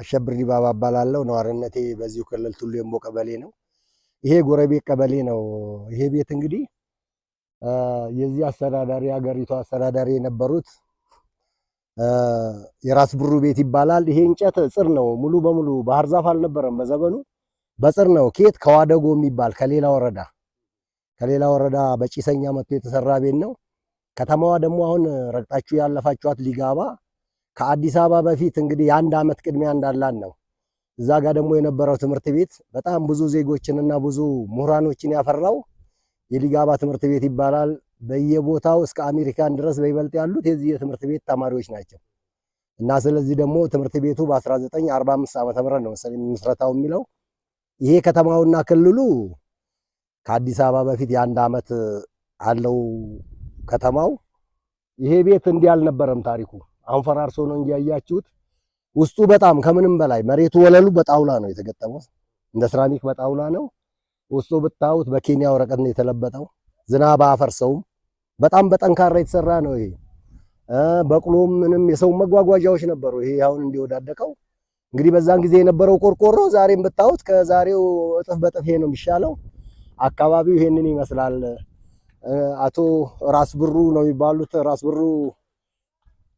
አሸብር ዲባባ እባላለሁ። ነዋሪነቴ በዚሁ ክልል ቱሉ ኤምቦ ቀበሌ ነው። ይሄ ጎረቤት ቀበሌ ነው። ይሄ ቤት እንግዲህ የዚህ አስተዳዳሪ ሀገሪቷ አስተዳዳሪ የነበሩት የራስ ብሩ ቤት ይባላል። ይሄ እንጨት ጽር ነው። ሙሉ በሙሉ ባህር ዛፍ አልነበረም በዘመኑ በጽር ነው። ኬት ከዋደጎ የሚባል ከሌላ ወረዳ ከሌላ ወረዳ በጭሰኛ መጥቶ የተሰራ ቤት ነው። ከተማዋ ደግሞ አሁን ረግጣችሁ ያለፋችኋት ሊጋባ ከአዲስ አበባ በፊት እንግዲህ የአንድ ዓመት ቅድሚያ እንዳላን ነው። እዛ ጋር ደግሞ የነበረው ትምህርት ቤት በጣም ብዙ ዜጎችንና ብዙ ምሁራኖችን ያፈራው የሊጋባ ትምህርት ቤት ይባላል። በየቦታው እስከ አሜሪካን ድረስ በይበልጥ ያሉት የዚህ የትምህርት ቤት ተማሪዎች ናቸው። እና ስለዚህ ደግሞ ትምህርት ቤቱ በ1945 ዓ ም ነው መሰለኝ ምስረታው የሚለው። ይሄ ከተማውና ክልሉ ከአዲስ አበባ በፊት የአንድ ዓመት አለው ከተማው። ይሄ ቤት እንዲህ አልነበረም ታሪኩ አንፈራርሶ ነው እንጂ ውስጡ በጣም ከምንም በላይ መሬቱ ወለሉ በጣውላ ነው የተገጠመው። እንደ ሴራሚክ በጣውላ ነው። ውስጡ ብታዩት በኬንያ ወረቀት ነው የተለበጠው። ዝናብ አፈርሰውም በጣም በጠንካራ የተሰራ ነው ይሄ። በቅሎ ምንም የሰው መጓጓዣዎች ነበሩ። ይሄ አሁን እንዲወዳደቀው እንግዲህ በዛን ጊዜ የነበረው ቆርቆሮ ዛሬም ብታዩት ከዛሬው እጥፍ በጥፍ ይሄ ነው የሚሻለው። አካባቢው ይሄንን ይመስላል። አቶ ራስ ብሩ ነው የሚባሉት ራስ ብሩ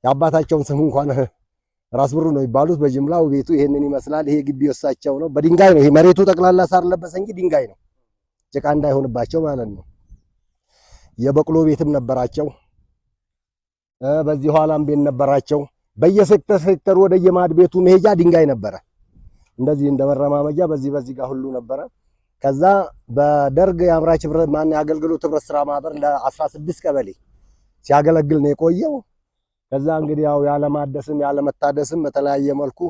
የአባታቸውን ስም እንኳን ራስ ብሩ ነው የሚባሉት። በጅምላው ቤቱ ይሄንን ይመስላል። ይሄ ግቢ ወሳቸው ነው። በድንጋይ ነው ይሄ መሬቱ ጠቅላላ ሳር ለበሰ እንጂ ድንጋይ ነው፣ ጭቃ እንዳይሆንባቸው ማለት ነው። የበቅሎ ቤትም ነበራቸው። በዚህ ኋላም ቤት ነበራቸው። በየሴክተር ሴክተር ወደ የማድ ቤቱ መሄጃ ድንጋይ ነበረ። እንደዚህ እንደ መረማመጃ በዚህ በዚህ ጋር ሁሉ ነበረ። ከዛ በደርግ የአምራች ህብረት ማን የአገልግሎት ህብረት ስራ ማህበር ለ16 ቀበሌ ሲያገለግል ነው የቆየው። ከዛ እንግዲህ ያው ያለማደስም ያለመታደስም በተለያየ መልኩ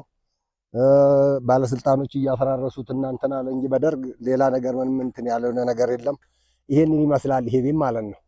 ባለስልጣኖች እያፈራረሱት እናንተና እንጂ በደርግ ሌላ ነገር ምንም እንትን ያለ ነገር የለም። ይሄንን ይመስላል ይሄ ማለት ነው።